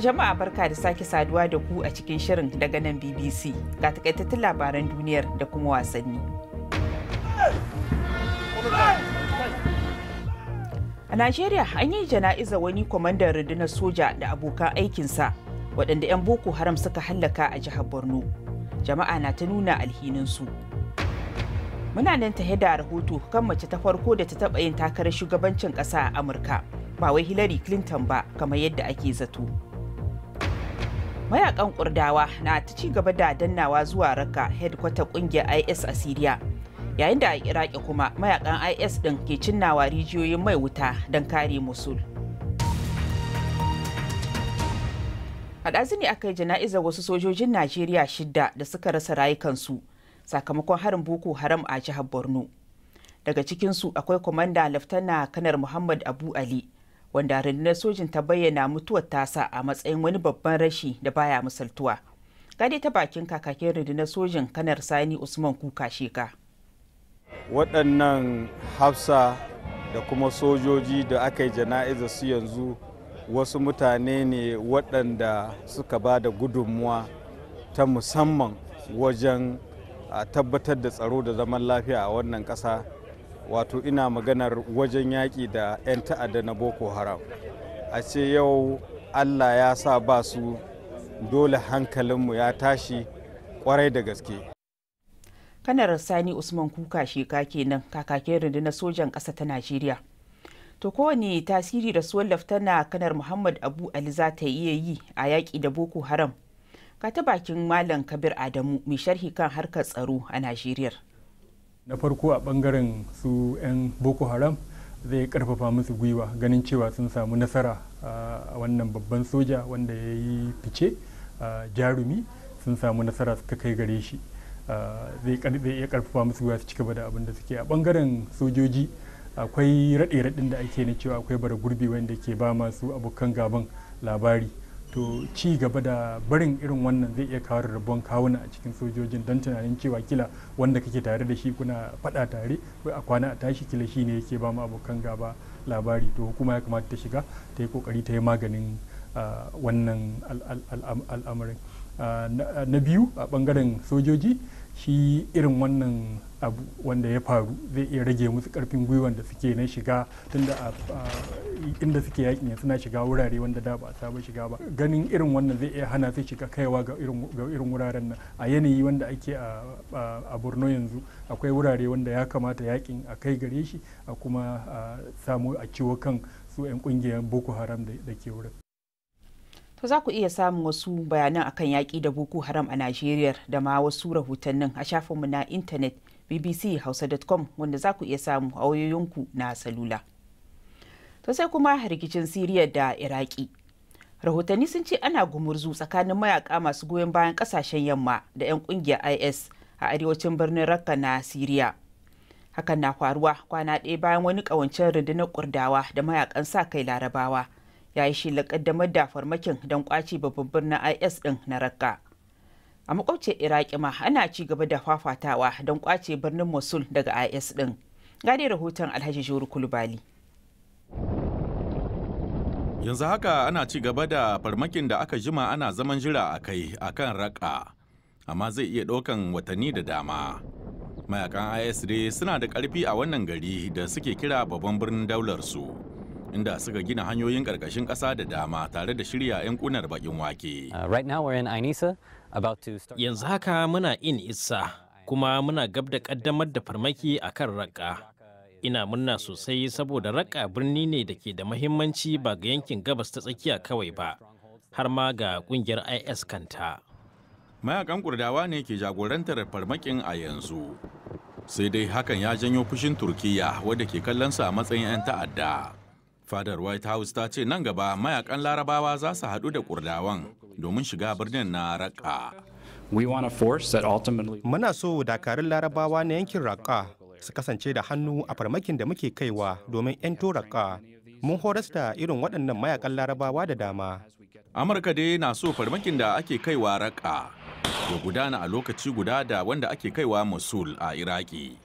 jama'a barka da sake saduwa da ku a cikin shirin daga nan BBC ga takaitattun labaran duniyar da kuma wasanni. A Najeriya an yi jana'iza wani kwamandan rundunar soja da abokan aikinsa waɗanda 'yan Boko Haram suka hallaka a jihar Borno. Jama'a na ta nuna alhininsu. Muna nan ta da rahoto kan mace ta farko da ta taɓa yin takarar shugabancin ƙasa a Amurka. ba wai Hillary Clinton ba kamar yadda ake zato. mayakan kurdawa na ta ci gaba da dannawa zuwa raka headquarter kungiyar is a syria yayin da a iraki kuma mayakan is din ke cinnawa rijiyoyin mai wuta don kare musul a ne aka yi jana'izar wasu sojojin najeriya shidda da suka rasa rayukansu sakamakon harin boko haram a jihar borno daga cikinsu akwai kwamanda laftana kanar muhammad abu ali wanda rundunar sojin ta bayyana mutuwar tasa a matsayin wani babban rashi da baya misaltuwa gade ta bakin kakakin rundunar sojin kanar sani usman kuka sheka waɗannan hafsa da kuma sojoji da aka yi jana'iza su yanzu wasu mutane ne waɗanda suka ba da gudunmuwa ta musamman wajen tabbatar da tsaro da zaman lafiya a wannan ƙasa wato ina maganar wajen yaƙi da 'yan ta'adda na boko haram a ce yau allah ya sa ba su dole hankalinmu ya tashi kwarai da gaske kanar sani usman kuka sheka kenan kakakin rundunar sojan ƙasa ta najeriya to kowane tasiri da suwan laftana kanar muhammad abu ali za ta iya yi a yaƙi da boko haram ka ta bakin malam kabir adamu mai sharhi kan harkar tsaro a najeriya na farko a bangaren su 'yan boko haram zai karfafa musu gwiwa ganin cewa sun samu nasara a wannan babban soja wanda ya yi fice jarumi sun samu nasara suka kai gare shi zai iya karfafa musu gwiwa su ci gaba da abin da suke a bangaren sojoji akwai raɗe-raɗin da ake na cewa akwai bara gurbi wanda ke ba masu abokan gaban labari to ci gaba da barin irin wannan zai iya kawo rabon kawuna a cikin sojojin don tunanin cewa kila wanda kake tare da shi kuna faɗa tare a kwana a tashi kila shi ne yake ba mu abokan gaba labari to hukuma ya kamata ta shiga ta yi kokari ta yi maganin ah, wannan al'amarin ah, na biyu a bangaren sojoji shi irin wannan abu wanda ya faru zai iya rage musu karfin gwiwan da suke na shiga tunda a inda suke yakin suna shiga wurare wanda da ba a saba shiga ba ganin irin wannan zai iya hana su shiga kaiwa ga irin wuraren nan a yanayi wanda ake a borno yanzu akwai wurare wanda ya kamata yakin a kai gare shi a kuma samu a ciwo kan su 'yan kungiyar boko haram da ke wurin To za ku iya samun wasu bayanan akan yaƙi da Boko Haram a Najeriya da ma wasu rahotannin a shafinmu na intanet bbchausa.com wanda za ku iya samu a wayoyinku na salula. To sai kuma rikicin Siriya da Iraki. Rahotanni sun ce ana gumurzu tsakanin mayaka masu goyon bayan kasashen yamma da 'yan kungiyar IS a arewacin birnin rakka na Siriya. Hakan na faruwa kwana ɗaya bayan wani ƙawancen rundunar kurdawa da mayakan sa kai larabawa ya yi shi da farmakin don ƙwace babban birnin IS ɗin na rakka. a makwabcin iraki ma ana ci gaba da fafatawa don kwace birnin mosul daga is din gane rahoton alhaji shuru kulubali yanzu haka ana ci gaba da farmakin da aka jima ana zaman jira a kai a kan raka amma zai iya ɗaukan watanni da dama mayakan is dai suna da ƙarfi a wannan gari da suke kira babban birnin daular su inda suka gina hanyoyin ƙarƙashin ƙasa da dama tare da shirya 'yan ƙunar bakin wake. Uh, right now Yanzu haka muna in issa, kuma muna gab da ƙaddamar da farmaki a kan raƙa. Ina murna sosai saboda raƙa birni ne da ke da mahimmanci ba ga yankin gabas ta tsakiya kawai ba, har ma ga ƙungiyar IS kanta. Mayakan kurdawa ne ke jagorantar farmakin a yanzu. Sai dai hakan ya janyo fushin Turkiyya wadda ke kallon sa a matsayin 'yan ta'adda. Fadar White House ta ce nan gaba mayakan larabawa za su haɗu da kurdawan domin shiga birnin na raƙa. Muna so dakarun larabawa na yankin raƙa su kasance da hannu a farmakin da muke kaiwa domin 'yanto raka Mun horas irin waɗannan mayakan larabawa da dama. Amurka dai na so farmakin da ake kaiwa Raqqa ya gudana a lokaci guda da wanda ake kaiwa Mosul a Iraki.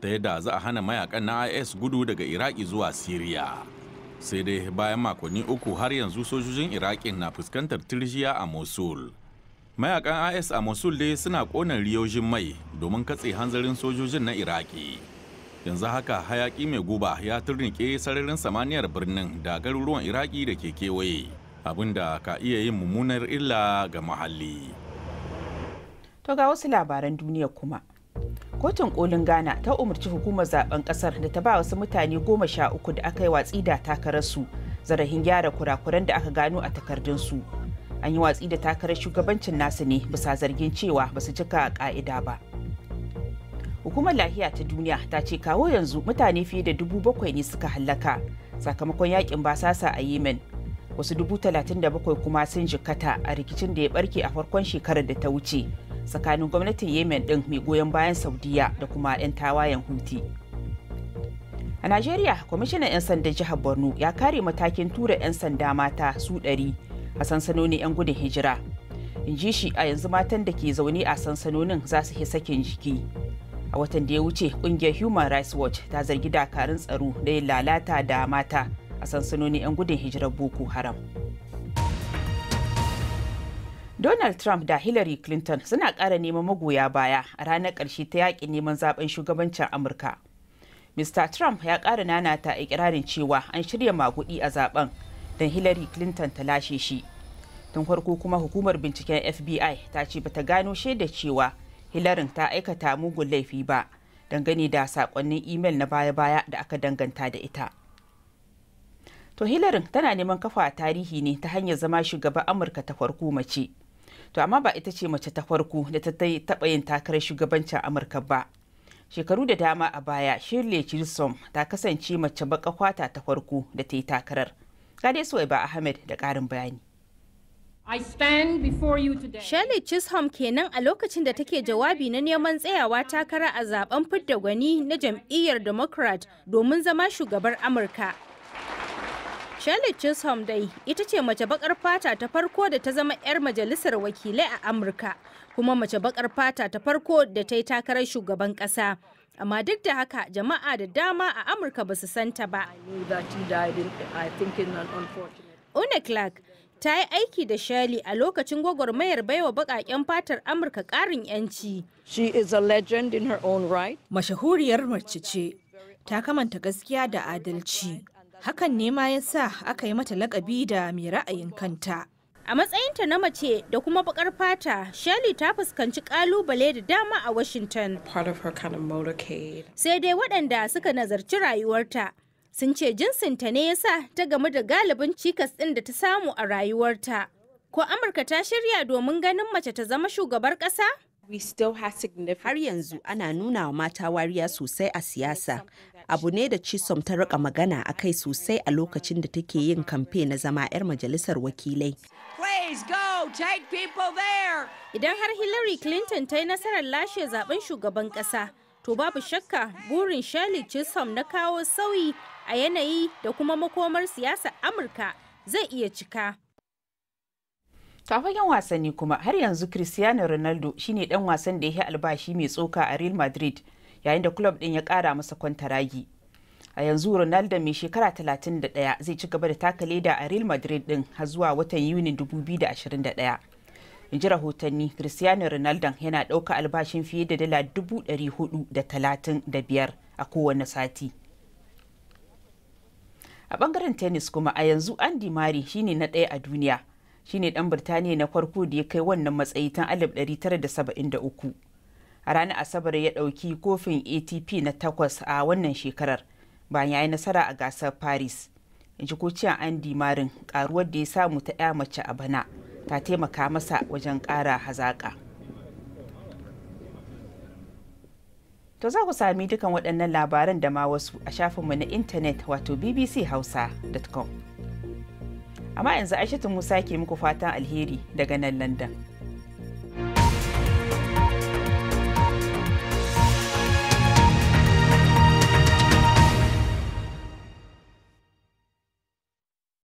ta yadda za a hana mayakan na IS gudu daga Iraki zuwa Siriya. sai dai bayan makonni uku har yanzu sojojin iraƙi na fuskantar tirjiya a mosul mayakan is a mosul dai suna kona riyojin mai domin katse hanzarin sojojin na iraki yanzu haka hayaƙi mai guba ya turnike sararin samaniyar birnin da garuruwan iraki da ke kewaye abinda ka iya yin mummunar illa ga muhalli to ga wasu labaran duniya kuma kotun kolin ghana ta umarci hukumar zaben kasar da ta ba wasu mutane goma sha uku da aka yi watsi da takararsu zarafin gyara kurakuran da aka gano a takardunsu an yi watsi da takarar shugabancin nasu ne bisa zargin cewa ba su cika ka'ida ba hukumar lahiya ta duniya ta ce kawo yanzu mutane fiye da dubu bakwai ne suka hallaka sakamakon yakin basasa a yemen wasu dubu talatin da bakwai kuma sun jikkata a rikicin da ya barke a farkon shekarar da ta wuce tsakanin gwamnatin yemen ɗin mai goyon bayan saudiya da kuma 'yan tawayen huti a najeriya kwamishinan 'yan sandan jihar borno ya kare matakin tura 'yan sanda mata su 100 a sansanonin 'yan gudun hijira in ji shi a yanzu matan da ke zaune a sansanonin za su sakin jiki a watan da ya wuce kungiyar human rights watch ta zargi dakarun tsaro da yin lalata da mata a sansanonin 'yan gudun hijirar boko haram Donald Trump da Hillary Clinton suna ƙara neman magoya baya a ranar ƙarshe ta yakin neman zaben shugabancin Amurka. Mr. Trump ya ƙara nanata ikirarin cewa an shirya magudi a zaben don Hillary Clinton ta lashe shi. Tun farko kuma hukumar binciken FBI ta ce bata gano shaida cewa Hillary ta aikata mugun laifi ba dangane da sakonnin imel na baya-baya da aka danganta da ita. To Hillary tana neman kafa tarihi ne ta hanyar zama shugaban Amurka ta farko mace. to amma ba ita ce mace ta farko da ta taɓa yin takarar shugabancin amurka ba shekaru da dama a baya shirley chisholm ta kasance mace baka kwata ta farko da ta yi takarar gade suwaiba ahmed da ƙarin bayani Shirley Chisholm kenan a lokacin da take jawabi na neman tsayawa takara a zaben fidda gwani na jam'iyyar Democrat domin zama shugabar Amurka. Charlotte Chisholm dai ita ce mace bakar fata ta farko da ta zama 'yar majalisar wakilai a Amurka kuma mace bakar fata ta farko da ta yi takarar shugaban kasa. Amma duk da haka jama'a da dama a Amurka ba su santa ba. Una Clark ta yi aiki da Shirley a lokacin gwagwarmayar baiwa baƙaƙen fatar Amurka ƙarin 'yanci. She is a legend in her own right. Mashahuriyar mace ce, ta kamanta gaskiya da adalci. hakan ne ma ya sa aka yi mata lakabi da mai ra'ayin kanta a matsayinta na mace da kuma bakar fata shirley ta fuskanci kalubale da dama a washington sai dai waɗanda suka nazarci rayuwarta sun ce jinsinta ne ya sa ta gamu da galibin cikas ɗin da ta samu a rayuwarta ko amurka ta shirya domin ganin mace ta zama shugabar ƙasa Har yanzu ana nuna wa mata wariya sosai a siyasa. Abu ne da Chisom ta rika magana a kai sosai a lokacin da take yin kamfe na zama 'yar majalisar wakilai. Idan har Hillary Clinton ta yi nasarar lashe zaben shugaban ƙasa, to babu shakka burin Shirley Chisom na kawo sauyi a yanayi da kuma makomar siyasar Amurka zai iya cika. ta fagen wasanni kuma har yanzu cristiano ronaldo shine dan wasan da ya yi albashi mai tsoka a real madrid yayin da club din ya kara masa kwantaragi a yanzu ronaldo mai shekara 31 zai ci gaba da taka leda a real madrid din har zuwa watan yuni 2021 in ji rahotanni cristiano ronaldo yana dauka albashin fiye da dala 435 a kowane sati a bangaren tennis kuma a yanzu andy mari shine na daya a duniya shine dan birtaniya na farko da ya kai wannan matsayi tun 1973 a ranar asabar ya ɗauki kofin atp na takwas a wannan shekarar bayan ya yi nasara a gasar paris jikociyan andy marin karuwar da ya samu ta 'ya mace a bana ta taimaka masa wajen kara hazaƙa to za ku sami dukan waɗannan labaran da ma wasu a shafinmu na intanet wato bbchausa.com amma yanzu aishatu musa ke muku fatan alheri daga nan london